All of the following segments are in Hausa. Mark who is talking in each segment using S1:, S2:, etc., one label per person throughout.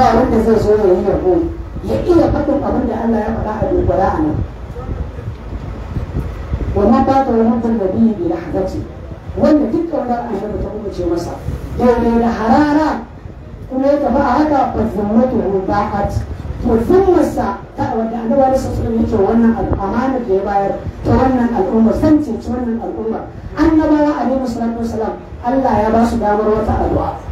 S1: ba wanda zai so ya yi yabo ya iya faɗin abin da Allah ya faɗa a dogara a nan wannan ba ta wani mutum da biyu bi lahadaci wanda duk an annabi ta kubuce masa daidai da harara kuma ya tafi a haka ba zummatu ba'at to zummarsa ta wanda annabi da sassanin yake wannan amana da ya bayar ta wannan al'umma san cece wannan al'umma annabawa alaihi salatu wasalam Allah ya ba su damar wata addu'a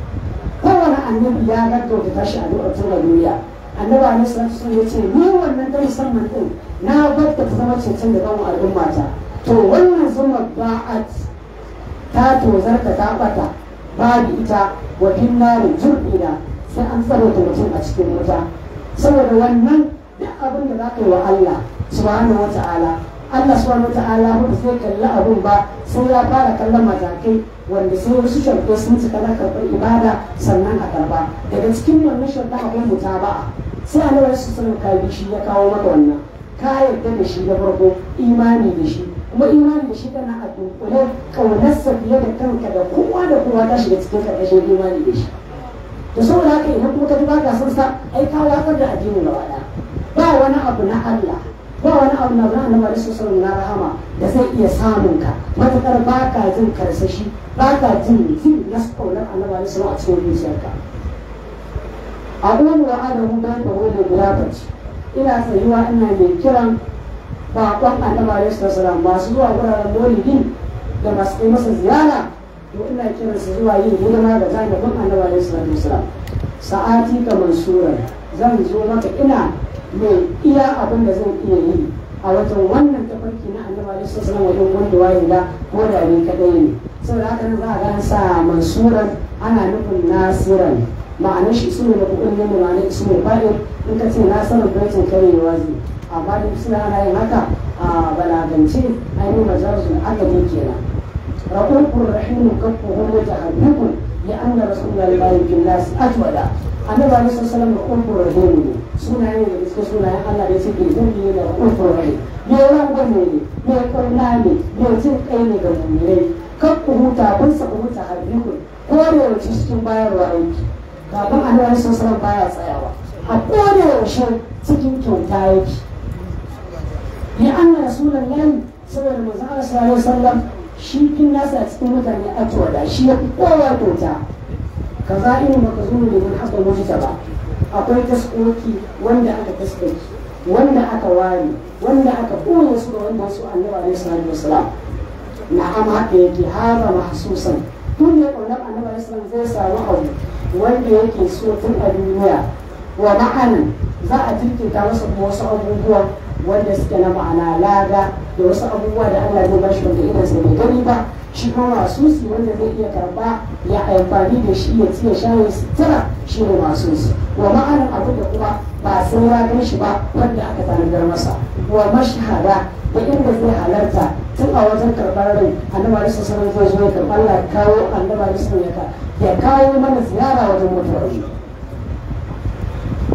S1: kowane annabi ya gaggauta tashi addu'ar tura duniya annabi alaihi salatu ya ce ni wannan ta musamman din na gwada ta zama cecen da zama al'umma ta to wannan zuma ba'at ta tozarta ta bata babu ita wa finnari jur'ina sai an ta mutum a cikin wuta saboda wannan duk abin da za ka yi wa Allah subhanahu wa ta'ala Allah subhanahu ta'ala ba sai kalli abun ba sun ya fara kallon matakai wanda sai wasu sharɗo sun cika na karɓar ibada sannan a karba daga cikin wannan sharɗa akwai mutaba'a sai a nawa su sun kai shi ya kawo maka wannan ka yarda da shi da farko imani da shi kuma imani da shi tana a dunkule ƙaunarsa fiye da kanka da kowa da kowa ta shiga cikin karkashin imani da shi da saboda haka idan kuma ka ji ba ka sa ai ka watsar da addinin gaba ɗaya ba wani abu na Allah ba wani abu na bana na marisu sun na rahama da zai iya samun ka matakar ba ka jin karsashi ba ka jin jin na kaunar annabi ne sun a cikin zuciyarka a wani wa adamu ba ta wani gulabaci ina tsayuwa ina mai kiran bakon annabi ne sun masu zuwa wuraren maulidin da masu kai masa ziyara to ina kiran su zuwa yin gudana da jami'an annabi ne sun sa'ati ka mansura zan zo maka ina mai iya abin da zan iya yi a wajen wannan tafarki na annabi alaihi wasallam wajen wanda waye da ko da ni kadai ne saboda haka za a ga sa mansuran ana nufin nasiran ma'anar shi su ne da kuɗin yin ma'anar su ne fa'in in ka ce na nasiran baitin karewa zai amma duk suna ana yin haka a balagance ainihin majalusun agabi kenan raƙoƙin rahimu kafuhun wata hannukun ya an da rasulun lalibari bin nasi ajwada annabi alaihi wasallam raƙoƙin rahimu ne sunayen da suka sunayen Allah da ce bai ne da kufur rai mai rangwame ne mai kauna ne mai jin kai ne ga mummunai kan ku huta kun sa ku huta a biyu ko yaushe cikin bayarwa aiki kafin annabi sallallahu baya tsayawa a koda yaushe cikin kyauta yake ya Allah sunan nan saboda manzo Allah sallallahu alaihi wasallam shi kin nasa cikin mutane a da shi ya kowa kyauta kaza irin baka zo da mun haka mutunta ba akwai taskoki wanda aka taskoki wanda aka ware wanda aka ɓoye su ga wanda su annabi alaihi salatu wasalam na'am haka yake hara mahsusan tun da ƙaunar annabi alaihi salatu zai samu abu wanda yake so tun a duniya wa ma'anan za a jirkinta masa wasu abubuwa wanda suke na ma'ana lada da wasu abubuwa da Allah zai bashi wanda idan sai bai gani ba shi ma su wanda zai iya karba ya amfani da shi ya tsiya su sutura shi ne su wa ma'anar abu da kuma ba sai ya gan shi ba wanda aka tanadar masa wa mashahada da inda zai halarta tun a wajen karbar rai annabi da sassan zai zo ya karbar kawo annabi da sassan ya ya kawo mana ziyara wajen mutuwar shi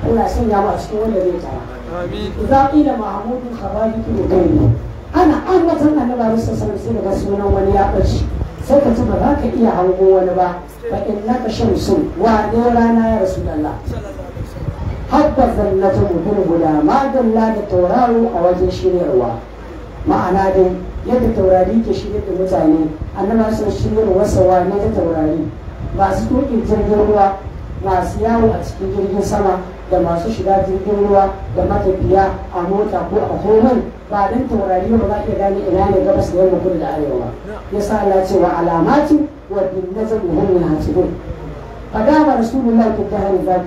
S1: Allah sun ya cikin wanda zai tara. Za da Mahamudu Khabari Kiro gani. ana an na na alaihi wasallam sai daga sunan wani ya ɓace sai ka ci ba za ka iya hango wani ba ba in ka innaka su wa ne rana ya rasu rasulullah habba zannatu guda ma dalla da tauraro a wajen shiryarwa ma'ana dai yadda taurari ke shirya da mutane annaba sun shiryar sawa ne ta taurari masu tukin jirgin ruwa masu yawo a cikin jirgin sama da masu shiga jirgin ruwa da matafiya a mota ko a horon ba don taurari ba za ka gane ina ne gabas da yamma kudu da arewa yasa Allah ce wa alamatu wa bin nazari hum ba فقام رسول الله في الدهر da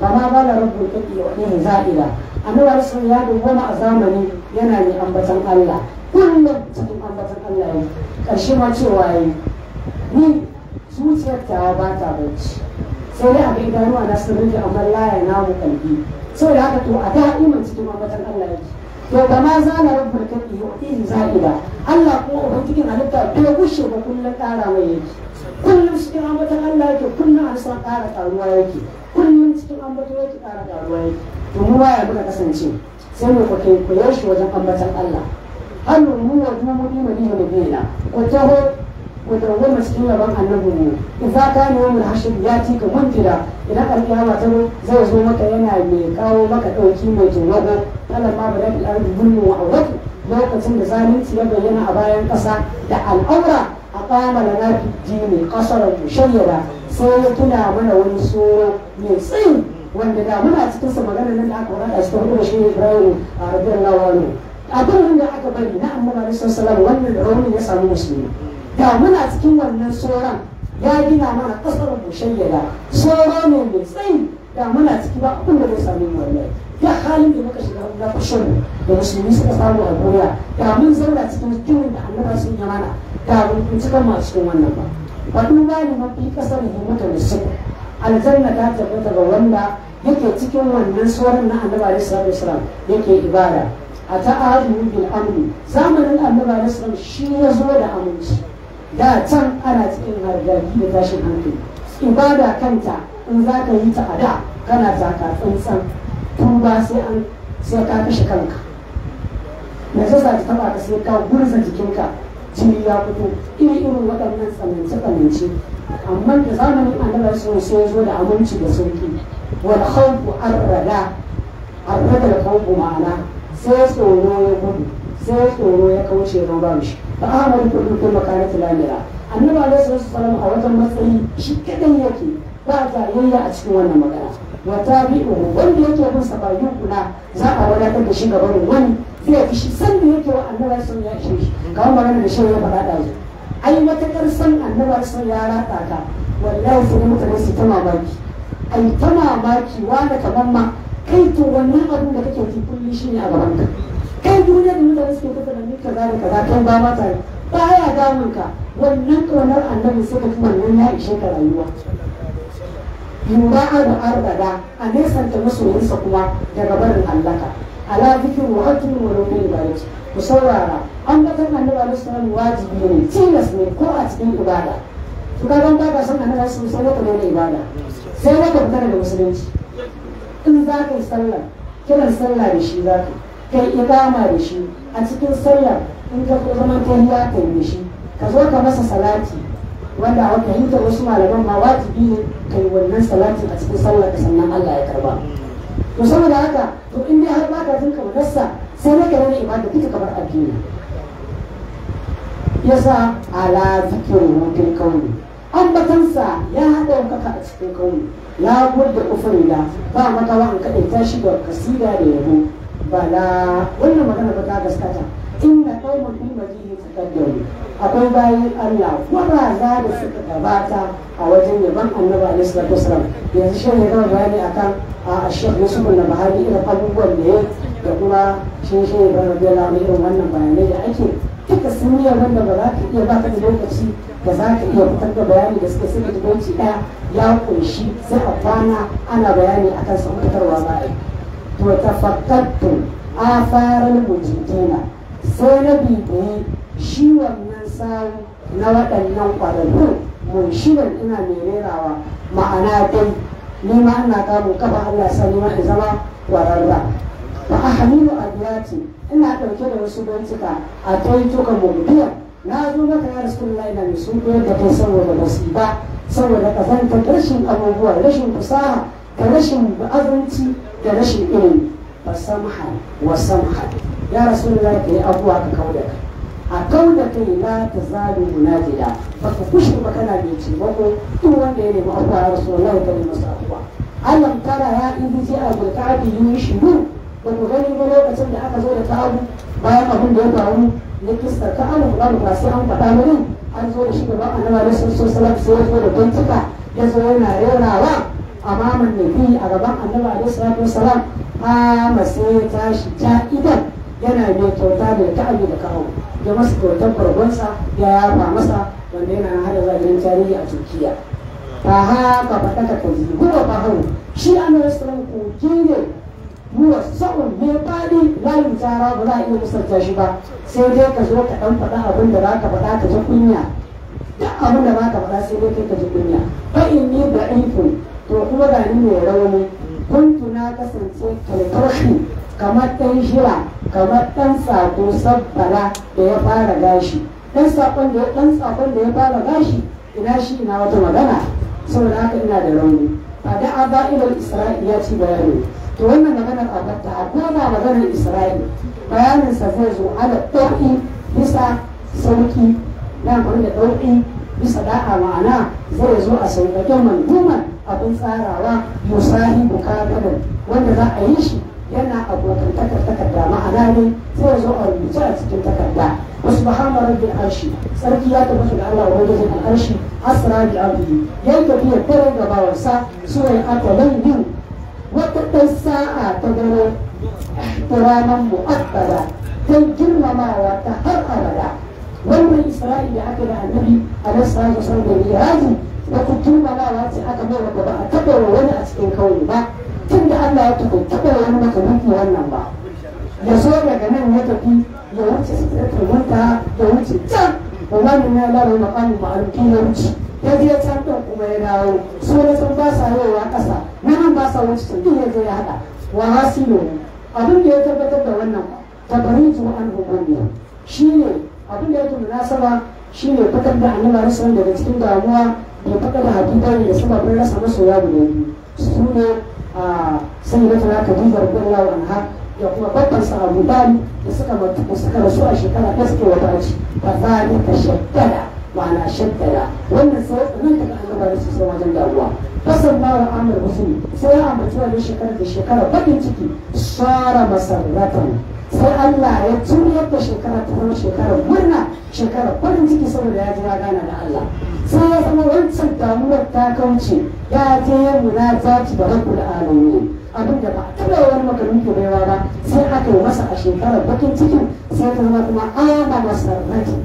S1: فما بال رب الكتب يعطيه زائلا أما رسول الله وما أزامني ينالي أنبتن الله كل cikin ambatan Allah yi ƙarshe ma cewa yi ni zuciyar ta ba ta bacci sai dai abin ganuwa na sirri amma la mu namu kalbi saboda haka to a da'iman cikin ambatan Allah yake to ba ma za na rabu da kan iyo in za'ida Allah kuma ubangijin halitta bai gushe ba kullum ƙara mai yake kullum cikin ambatan Allah yake kullum an san ƙara ƙaruwa yake kullum cikin ambatan yake ƙara ƙaruwa yake to mu baya muka kasance sai mu kwaikwayo shi wajen ambatan Allah hannu mu wa mu ni madina da bela ko taho wanda ba goma cikin yaban annabi ne in za ka yi mu hashim ya ci ka muntira idan alƙiyama ta zai zo maka yana mai kawo maka ɗauki mai tunago alam ma ba da ɗan gurmi wa awatu lokacin da zalunci ya bayyana a bayan ƙasa da al'aura a ƙama da nafi ji ne ƙasar musharyara sai ya mana wani tsoro mai tsayi wanda da muna cikin sa nan da aka wada a cikin ƙasashe ibrahim a rabiyar lawa ne abin da aka bari na amma da sassalar wannan rauni ya samu musulmi da muna cikin wannan tsoron ya gina mana kasar bushen gida tsoro ne mai tsayi da muna ciki ba abin da zai sami wannan ya halin da muka shiga na kushin da musulmi suka samu a duniya da mun zauna cikin kiwon da annaba sun yi mana da mun cika masu cikin wannan ba wani gani mafi kasar himmata da su aljanna ta tabbata ga wanda yake cikin wannan tsoron na annaba alaihi salatu yake ibada a ta'adu bil amri zamanin annaba alaihi wasallam shi ya zo da aminci da can ana cikin hargari da tashin hankali ibada kanta in za ka yi ta a da kana zaka tsantsan tuba sai an sai ka kashe kanka najasa ta taba ka sai ka gurza jikinka jini ya fito iri irin waɗannan tsananci tsananci amma da zamanin annabi sun sai zo da aminci da sauki wal khawfu arrada arrada al khawfu ma'ana sai tsoro ya gudu sai tsoro ya kauce ma ba shi fa amara ku ku kuma kana tilamira sun alaihi a wajen matsayi shi kadan yake ba tarayya a cikin wannan magana wa tabi'uhu wanda yake bin sa bayu kula za a wadatar da shi ga barin wani zai fi shi san da yake wa annabi sun ya shi ga magana da shi ya faɗa da su ai matakar san annabi sun ya rata ka wallahi sai mutane su ta mamaki ai ta wa wanda kamar ma kai to wannan abin da kake ji kulli shi ne a gaban ka kai duniya da mutane suke kuka da kaza da ka kan ba mata baya damun ka wannan kaunar annabi suka fi wannan ya ishe ka rayuwa yura'u da arbada a nesanta masoyinsa kuma daga barin hallaka ala zikin wa hakin wa rukun ku saurara an batar annabi alaihi salam wajibi ne tilas ne ko a cikin ibada to ka ban baka san annabi alaihi sai wata dole ibada sai wata fitar da musulunci in za ka yi sallar? kiran sallah da shi za ka yi kai igama da shi a cikin sallar in ka ko zaman tahiya kai da shi ka zo ka masa salati wanda a fahimtar wasu malaman ma wajibi ne kai wannan salati a cikin sallar ka sannan Allah ya karba to saboda haka to in dai har baka jin kaunarsa sai nake wani ibada duka kamar addini yasa ala zikirin hutun kauni ambatansa ya haɗa kaka a cikin kauni la budda ufurila ba makawa an ta shi da kasida da yabo bala wannan magana ba ta gaskata inna qaumun fi majihi mu akwai bayan Allah kwaraza da suka gabata a wajen yaban annabi alaihi salatu wasalam yanzu shi ne gama bayani akan a shek musu na bahari da abubuwan da ya da kuma shi shi ne ba rabbi Allah irin wannan bayanai da ake duka sun yi wanda ba za ka iya ba da lokaci da za ka iya fitar da bayani da suka suka tubanci ya kunshi sai a kwana ana bayani akan samun fitarwa ba'a to tafakkartu afaran mujidina sai na bibiyi shi wannan sawu na waɗannan ƙwararrun mun shirin ina mai ma'ana dai ni ma ina kamun kafa Allah sani wanda zama ƙwararra a ahmilu adwati ina ɗauke da wasu bincika a taituka biya na zo maka ya rasu ina mai sun koyar da kai saboda basiba saboda kazantar rashin abubuwa rashin fasaha da rashin ba'azanci da rashin ilimi ba samha wa samha ya rasulullahi ka yi abuwa ka kau da kai a kau da kai na ta zalu munajida ba ka kushe ba kana da ce ba ko tun wanda ya nemi abuwa ya rasulullahi ka yi masu abuwa alam tara ya in ji a bulkabi yi shiru ba ku gani ba lokacin da aka zo da ta'abu bayan abin da ya faru na kista ta alam ba ba sai an faɗa mini an zo da shi gaban annabi sallallahu alaihi wasallam sai ya zo da bincika ya zo yana rerawa amaman kuyi a gaban annabi a salatu ko salam sai masu tashi idan yana mai kyauta da ta'abi da kawo ya masa kyautar bargonsa ya yafa masa wanda yana hada zagen tarihi a turkiya ta haka faɗaka ka zuwa fa hau shi annabi sallallahu alaihi wasallam ne ruwa sa'un mai faɗi layin tsara ba za a iya misalta shi ba sai dai ka zo ka ɗan faɗa abin da za ka faɗa ka ji kunya duk abin da za ka faɗa sai dai ka ji kunya ba in ni da ɗaifin to kuma ga ni mai rauni kuntu na kasance kalkarshi kamar ɗan jira kamar ɗan sako sabbala da ya fara gashi ɗan sakon da ɗan sakon da ya fara gashi ina shi ina wata magana saboda haka ina da rauni a da a ibal isra'il ya ci bayani to wannan maganar abarta a ba maganar isra'il bayaninsa zai zo ala ɗauki bisa sauki na amfani da ɗauki bisa da'a ma'ana zai zo a sauƙaƙe duman abin tsarawa musahi bukatar wanda za a yi shi yana abokantakar takarda ma'ana ne zai zo a rubuce a cikin takarda wasu bahama rabin arshi sarki ya tabbata da Allah wajen zai arshi da abu abdi yanda biya kare da bawansa a akalan yin wata ɗan sa'a ta ta ranar mu'addada ta girmamawa ta har abada wannan isra'i da aka da annabi a nasarar da san da miraji da kuttun malawa ce aka mai wanda ba a taɓa wani a cikin kauye ba tun da allah ya taɓa taɓa wani maka duki wannan ba ya so daga nan ya tafi ya wuce sitratul munta ya wuce can wannan ya lalata makamin ma'arukin ya wuce ya je can kuma ya dawo su ne sun ba sa yawa ƙasa nan ba sa wuce sun duk ya ya haɗa wa hasilu abin da ya tabbatar da wannan tabarin zuwa an shi ne. abin da nasaba shi ne fakar da annabi rasulun daga cikin damuwa da fakar da ne da sababin rasa masoya guda biyu su ne a sai da tana kadija radiyallahu anha da kuma babban sa Abu da suka mutu suka rasu a shekara ta suke wata ci fa ta shaddada ma'ana shaddada wannan sai nan daga annabi sai wajen damuwa kasar mara amur musulmi sai ya amurci wani shekarar da shekara bakin ciki sara masarratan sai Allah ya juyar da shekara ta kuma shekarar murna shekarar farin ciki saboda ya ji gana da Allah sai ya zama wancan damuwar ta kauce ya je ya muna ci da da alamin abin da ba taba wani makarin baiwa ba sai aka yi masa a shekarar bakin cikin sai ta zama kuma ama masarrati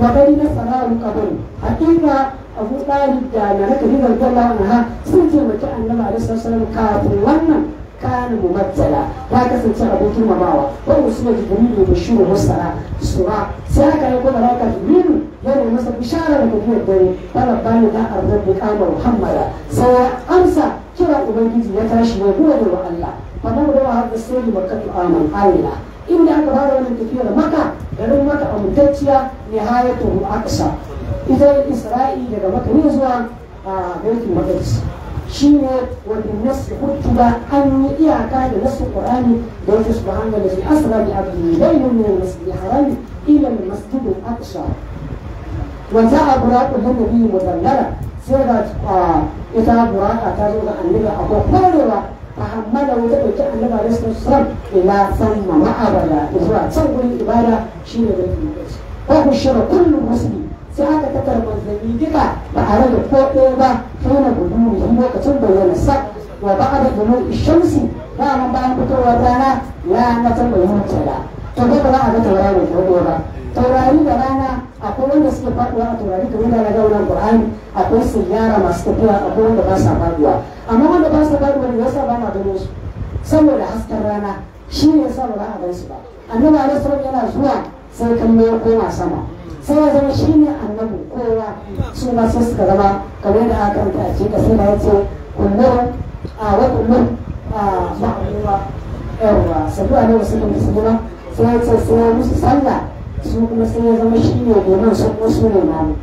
S1: wa bari na sararu kabari hakika abu ɗalib da na raka rigar ha sun ce mutu annaba da sassan kafin wannan kanu mumazzala ta kasance abin turmamawa wani wasu ne jibirin da shi wa masara su ba sai haka ya kuma raka jibirin yana yi masa bisharar da kuma dare ta bani ne ta arzar kamar sai ya amsa kira ubangiji ya tashi ya gura da wa allah fata mu dawa har da sai da maka tu aman inda aka fara wannan tafiyar maka garin maka amintacciya ne hayatun aksa ita isra'i daga maka ne zuwa a gaikin maka ne wani nasu ba an yi iyaka da nasu qur'ani da wata subhanahu da asra bi abdi bainun min al-masjid al-haram ila al-masjid al-aqsa wa za'a buraqu lin-nabi mudallara sai da ita buraka ta zo ga annabi a kokorewa fahammada wata ɗauki annaba da sun sram ila sanna ma'abada zuwa can gurin ibada shine da ke ba ku shira kullum musulmi sai aka tattara manzanni duka ba a rage ko ɗaya ba tona gudun da ya kace da yana sa wa ba da gudun shamsi ba mun ba mun tura rana ya na san da mun tsaya to ba za a tura rana ko ba ba tura rana rana akwai wanda suke faɗa a tura rana gudun da gaura Qur'ani akwai su yara masu tafiya akwai wanda ba sa faɗuwa amma da ba sa faɗuwa ne yasa ba na da musu saboda hasken rana shi ne saboda ba ba su ba annabawa sallallahu alaihi wasallam yana zuwa sai kan ne ko a sama. sai ya zama shi ne annabi kowa su ma su suka zama kamar da aka ta ce da sai ya ce kullum a wa kullum a ma'amuwa yawa sabu a nan wasu da su kuma sai ya ce sai ya musu sallah su kuma sai ya zama shi ne domin su kuma su ne mamu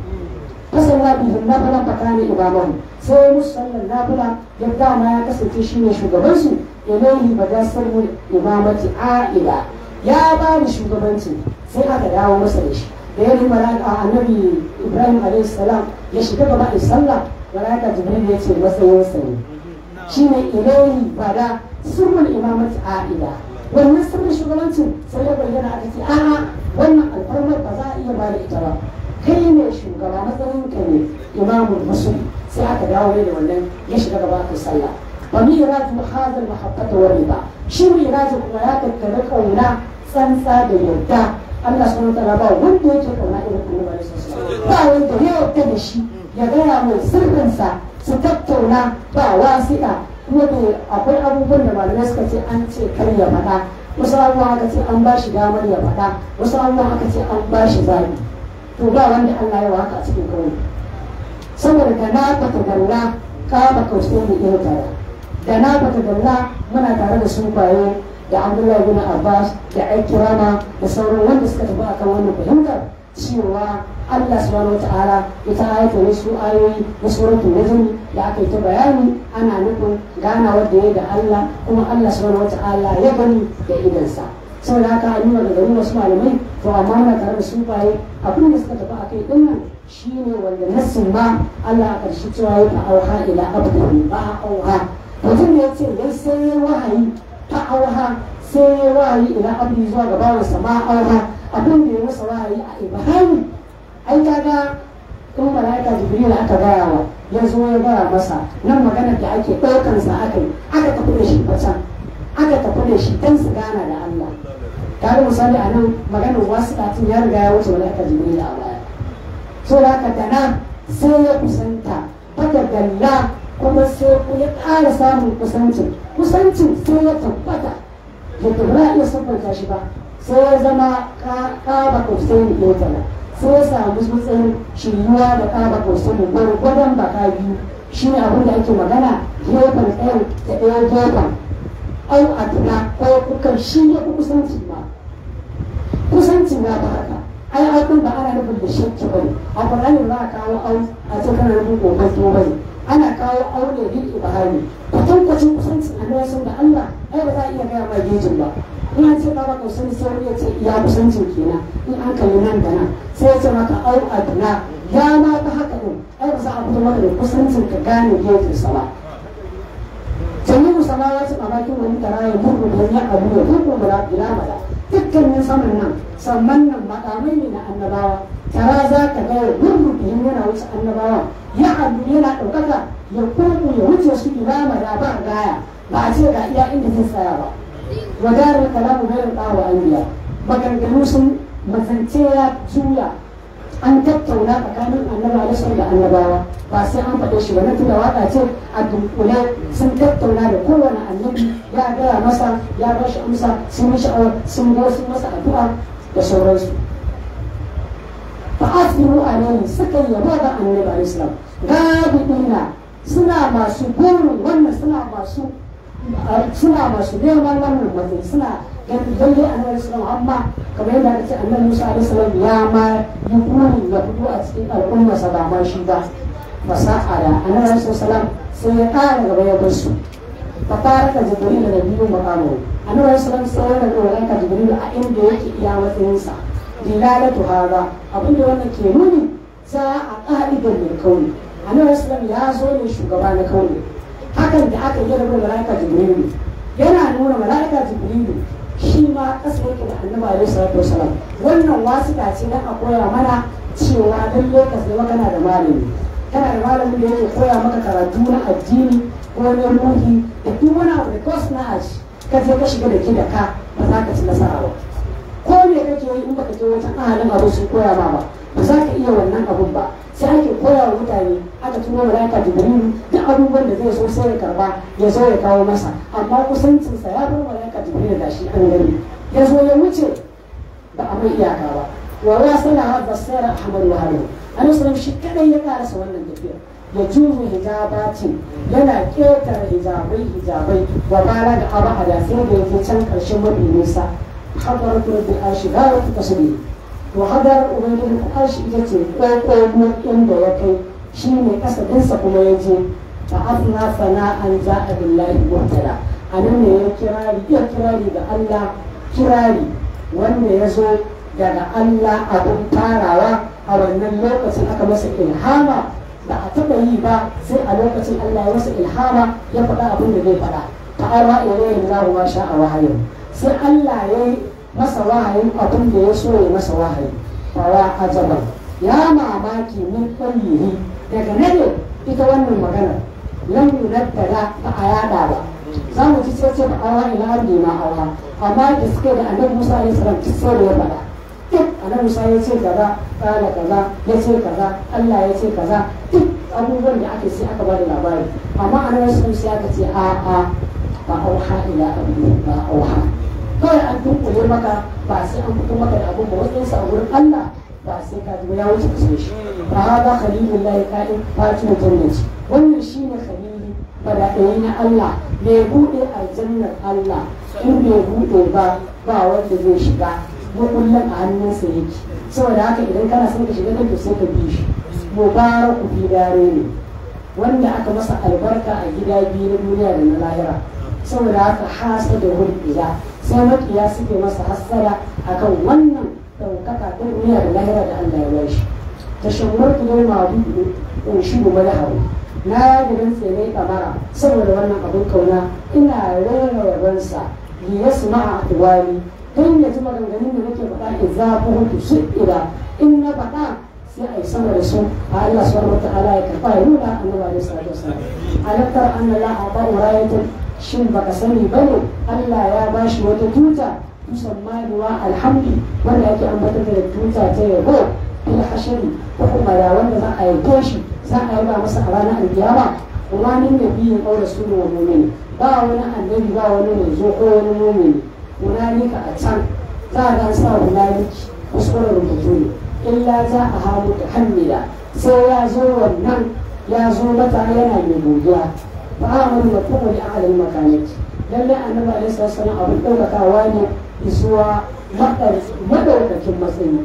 S1: kasarwa bihin nafilan tsakanin imaman sai ya musu sallar nafila da dama ya kasance shi ne shugabansu ilaihi ba da sirrin imamati a'ila ya ba ni shugabanci sai aka dawo masa da shi da ya duba a nabi ibrahim alaihi ya shiga gaba da sallah malaka jibril ya ce matsayin shi ne shine ba bada sirrul imamati a'ila wannan sirrin shugabancin sai ya bayyana aka ce a'a wannan alfarmar ba za a iya bada ita ba kai ne shugaba matsayin ka ne imamul musu sai aka dawo ne da wannan ya shiga gaba da sallah ba miratu hadha al-mahabbata wa riba shi miratu kuma ya tattara kauna sansa da yarda Allah subhanahu wa ta'ala ba wanda yake kauna irin annabi alaihi wasallam ba wanda ya yarda da shi ya gaya mai sirrinsa su tattauna ba wasiƙa kuma akwai abubuwan da malamai suka ce an ce kar ya faɗa wasu abubuwan aka ce an ba shi damar ya faɗa wasu abubuwan aka ce an ba shi zaɓi to ba wanda Allah ya waka a cikin kawai saboda da na fata galla ka ba kausai mu iya tara da na fata galla muna tare da sun kwaye da abdullahi bin abbas da aikirama da sauran wanda suka tafi akan wannan fahimtar cewa Allah subhanahu wa ta'ala ya ta haifa su ayoyi na suratul najm da aka yi ta bayani ana nufin gana wanda ya da Allah kuma Allah subhanahu wa ta'ala ya gani da idansa saboda haka an yi wa daga wasu malamai to amma na tare da sufaye abin da suka tafi akai din nan ne wanda nassin ba Allah a karshe cewa ya fa auha ila abdihi ba auha mutum ya ce bai sai wahayi ta auha sai ya wayi ila abdi zuwa ga bawansa ma auha abin da ya masa wahayi a ibrahim ai kaga in malaika jibril aka gaya wa ya zo ya gaya masa nan magana da ake ɗaukansa aka yi aka tafi da shi facan aka tafi da shi dan su gana da allah Ta ga misali a nan maganar wasu ɗatin ya riga ya wuce malaika jibril a baya so da aka sai ya kusanta bata dalla kuma sai ya ƙara samun kusancin kusancin sai ya tabbata da tabra iya sabbanta shi ba sai ya zama ƙaba kusaini ɗotala sai ya samu matsayin shiriwa da ƙaba kusaini gwargwadon baka biyu shi ne abin da ake magana gefen ɗaya da ɗaya gefen au a tuna ko kukan shi ya fi ba kusancin ba ba haka ai abin ba ana nufin da shakki ba ne a ƙwararren ba a kawo au a cikin rubin gobe ba ne ana kawo aure bil ibhari kwacin kusancin a nasu da Allah ai ba za a iya gaya ma gejin ba in ce ba ka kusan sai ya ce ya kusancin kenan in an kalli nan da nan sai ya ce maka au aduna ya ma ta haka ne ai ba za a fito maka da kusancin ka gane gejin sa ba jami'u ce mamakin wani tara ya burbu don ya abu da burbu da ya bada dukkanin saman nan saman nan makamai ne na annabawa tara za ka ga ya yin yana wasu annabawa ya abu yana ɗaukaka ya kuku ya wuce su imama da ba gaya ba a ce ga iya inda zai tsaya ba wa darin kalamu gairin ƙawa anbiya maganganu sun mazance ya juya an tattauna tsakanin annaba da da annabawa ba sai an faɗe shi ba na tuna waka ce a dunkule sun tattauna da kowane annabi ya gaya masa ya bashi amsa sun yi sha'awar sun go sun masa addu'a da sauransu fa asibu alaihi suka yaba ga annabi alaihi salam gabiina suna masu burin wannan suna masu suna masu neman wannan mutum suna ganin lalle annabi sallallahu amma kamar yadda aka annabi Musa a salam ya ma yi burin ya fito a cikin al'umma sa ba ma shi ba fasaha da annabi sai ya ƙara gaba ya bar su ta fara ka jibril da biyu makamu annabi sallallahu sai ya ka a yake iya ilalatu hada da wannan ke nuni za a ƙa'idar mai kauni annabi wasallam ya zo ne shugaba na kauni hakan da aka yi rabu malaika jibrilu yana nuna malaika jibrilu shi ma kasance yake da annabi alaihi wasallam wannan wasuka ce na a koya mana cewa dan lokacin da kana da malami kana da malamin da yake koya maka karatu na addini ko na ruhi da duk wani abu da kwas na aji ka je ka shiga da ke da ka ba za ka ci nasara ba ko me kake yi in baka je wajen ahalin abu sun koya ma ba ba za ka iya wannan abun ba sai ake koya wa mutane aka tuno da jibrilu da abubuwan da zai so sai ya karba ya zo ya kawo masa amma kusancinsa ya bar malaka jibrilu da shi an gani ya zo ya wuce ba a mai iyaka ba wa ya sana hadda sayar ahmadu wahala halu an shi kadai ya karasa wannan tafiyar ya juru hijabatin yana ƙetare hijabai hijabai wa bala da abu a da sai da yake can karshen mafi nisa hadarar da ashi na rafi kasuri to hadarar ubangiji da ashi ita ce ɗaiɗaiyar inda ya kai shi ne kasadinsa kuma ya je ta afna sana'an za'a billahi murtala a nan ne ya kirari ya kirari ga Allah kirari wanda ya zo daga Allah abun tarawa a wannan lokacin aka masa ilhama ba a taɓa yi ba sai a lokacin Allah ya masa ilhama ya faɗa abin da zai faɗa ta'ala ilayhi Allahu ma sha'a wa hayyu sai Allah ya yi masa wahayin abin da ya so ya masa wahayi fawa ajabar ya mamaki min kullihi daga nade ita wannan magana na yunadda ba a yada ba za mu ci cece ba awa ila ardi ma awa amma da suke da annan Musa ya sarar ci sai da ya bada duk annan Musa ya ce kaza kala kaza ya ce kaza Allah ya ce kaza duk abubuwan da aka sai aka bada labari amma annabi Musa ya ce a a ba auha ila abdi ba auha kawai an dunkule maka ba sai an fito maka da abin ba wasu sa a wurin Allah ba sai ka ji ya wuce kusa shi fa hada khalilullahi qadim fatimul jannati wannan shine khalili fadaɗoyi na Allah mai buɗe aljanna Allah in bai bude ba ba wanda zai shiga makullan a hannunsa yake saboda haka idan kana son ka shiga nan to sai ka bi shi mubaraku fi dare ne wanda aka masa albarka a gida biyu na duniya da na lahira saboda haka hasa da hulbiya sai makiya suke masa a kan wannan ɗaukaka ta duniya da lahira da Allah ya shi ta shawarar ku dai ma in shi gobe da hawo na ya gudun tsere kamara saboda wannan abin kauna ina rera yabansa li a aqwali don ya ji maganganun da nake faɗa in za ku hutu su ira in na faɗa sai a yi sama da su a Allah subhanahu wa ta'ala ya karɓa ya nuna annabi alaihi salatu wasallam alaqtar anna a a'ta rayatun shin baka sani ba ne Allah ya ba shi wata tuta musamman ruwa alhamdi wanda ake ambata da tuta ta yabo bil hashari ko kuma da wanda za a yake shi za a yaba masa a ranar alkiyama wani nabiyin ko rasulun wani mu'min ba wani annabi ba wani manzo ko wani mu'mini hunalika a can za a ga sa hunaliki kuskuren rubutu ne illa za a hamu ta hamila sai ya zo wannan ya zo mata yana mai godiya fa'awun matuƙa da ahalin makaniki lallai annabi alaihi wasallam abin ɗaukakawa ne isuwa maɗaukakin matsayi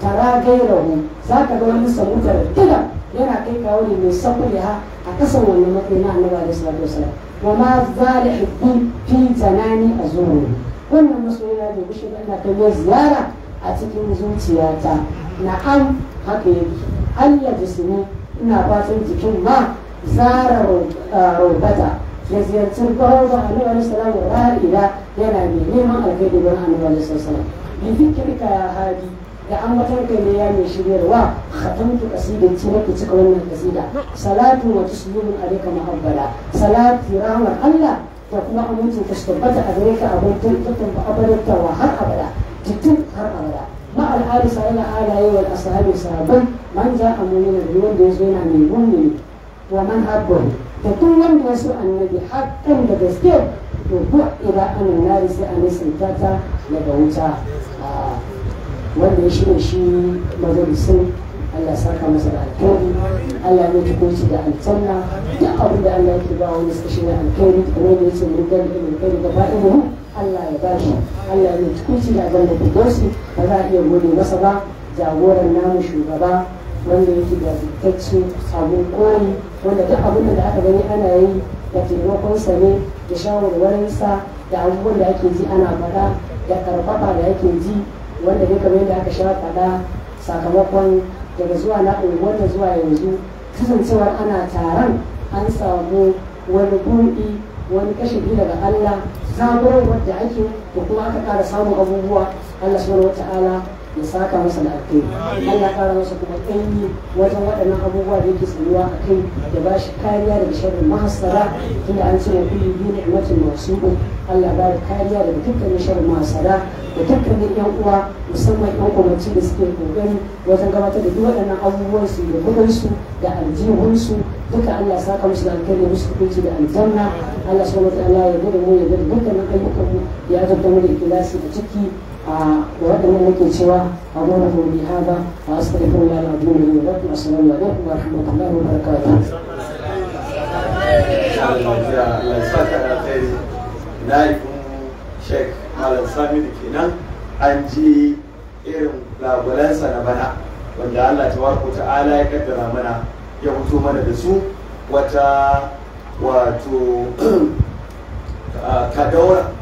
S1: tara gairahu za ka ga wani samutar kila yana kai kawo ne mai sabuliha a kasan wannan matsayi na annabi alaihi salatu wasallam wa ma zali hibbin fi janani a zuwa wannan masoyi na bai gushe ba kai mai ziyara a cikin zuciyata na'am haka yake Allah jisimi ina fatan jikin ma zara rubata uh, ya ziyarci gwagwa annabi alaihi salam ra'ida yana mai neman alkhairi don annabi alaihi salam bi fikirka ya hadi da an watan kai ne ya mai shiryarwa khatamtu qasidan ci nake cika wannan qasida salatu wa taslimun alayka muhabbala salatu rahmar allah da kuma amincin ka tabbata a gare ka abin tantan ba abarta wa har abada titin har abada ma al'adu sa'ila alaye wal ashabi manja man ja'a mu'mina bi wanda yazo yana mai mu'mini wa man habbahu da duk wanda ya so annabi haƙƙan da gaske to ko ila anan nari sai a nisanta ta daga wuta wanda ya shirya shi majalisin Allah saka masa da alkhairi Allah ya mutu da aljanna duk abin da Allah yake ba wani suka shirya alkhairi kamar da yake mun gani ilmin kai da ba'ilu Allah ya bashi Allah ya mutu kunci da aljanna da dosi ba za a iya gode masa ba jagoran namu shugaba wanda yake da rikicce abin koyi wanda duk abin da aka gani ana yi da sa ne da shawarwarinsa da abubuwan da ake ji ana faɗa da karfafa da ake ji wanda ne kamar yadda aka sha faɗa sakamakon daga zuwa na unguwar da zuwa yanzu kasancewar ana taron an samu wani buɗi wani biyu daga Allah sabon wadda ake da kuma aka ƙara samun abubuwa Allah subhanahu wata'ala ya saka masa da alkai Allah kara masa kuma ɗanyi wajen waɗannan abubuwa da yake tsayuwa a kai da ba shi kariya daga sharrin mahasara inda an ce wa biyu bi ni'matin masu Allah ba da kariya daga dukkanin sharrin mahasara da dukkanin yan uwa musamman yan umarci da suke kokari wajen gabatar da duk waɗannan abubuwan su da gudunsu da aljihunsu duka Allah ya saka musu da alkhairi musu kuɗi da aljanna Allah su wa ta'ala ya gode mu ya gode dukkanin ayyukan mu ya azabta mu da ikilasi a ciki a da waɗannan nake cewa a gona ko bi hada a astaghfiru lillahi al-azim wa lakum assalamu alaikum ya rahmatullahi wa barakatuh
S2: Allah ya saka alkhairi na yi kun shek malam saminu kenan an ji irin labulansa na bana wanda allah tabaraka ta'ala ya kaddara mana ya fito mana da su wata wato kadaura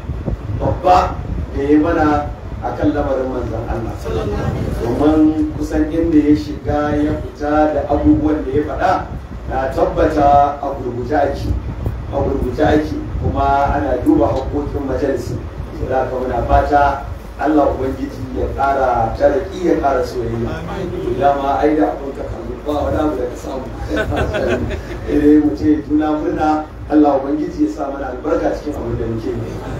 S2: babba da ya mana a kan lamarin manzan Allah domin kusan inda ya shiga ya fita da abubuwan da ya faɗa na tabbata a gurguje ake kuma ana duba haƙoƙin majalisi to muna fata Allah ubangiji ya ƙara taraki ya ƙara soyayya to dama ai da abun ka kan ba wa da ka samu eh mu ce juna muna Allah ubangiji ya sa mana albarka cikin abin da muke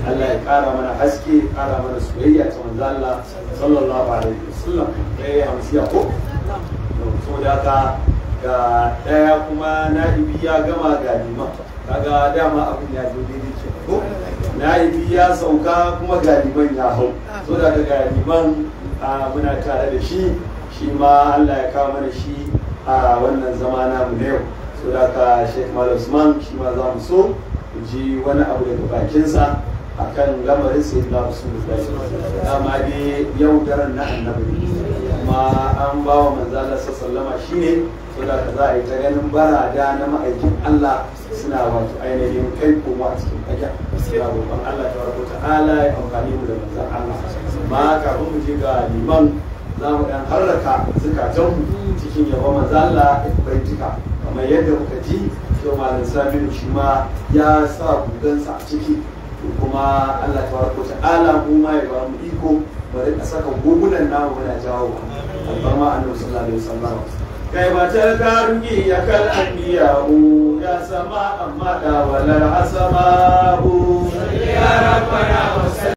S2: Allah ya ƙara mana haske ƙara mana soyayya ta manzo Allah sallallahu alaihi wasallam eh hamsiya ko da ka ga daya kuma na'ibi ya gama ga liman kaga dama abin ya zo daidai ke ko yi ya sauka kuma galiban ya hau so daga galiban muna tare da shi shi ma allah ya kawo mana shi a wannan zama namu na yau so daga sheikh mal usman shi ma za mu so mu ji wani abu daga bakinsa a kan lamarin sai na rasulullahi dama dai yau daren na annabi Ma an ba wa manzala sallama shine saboda ka za a yi ta ganin barada na ma'aikin Allah suna wato ainihin kai kuma a cikin ɗaga suna roƙon Allah ta ta ta'ala ya amfani mu da manzan Allah a kafin mu je ga liman za mu ɗan harraka mu cikin yaba manzan Allah bai duka kamar yadda kuka ji to malam Saminu shi ma ya sa gudansa a ciki kuma Allah ta ta ta'ala mu ma ya ba mu iko bari a saka gugunan namu muna jawo ba. albarma annabi sallallahu alaihi wasallam kaibatar karungi ya kan an hu ya sama amma da walar asama hu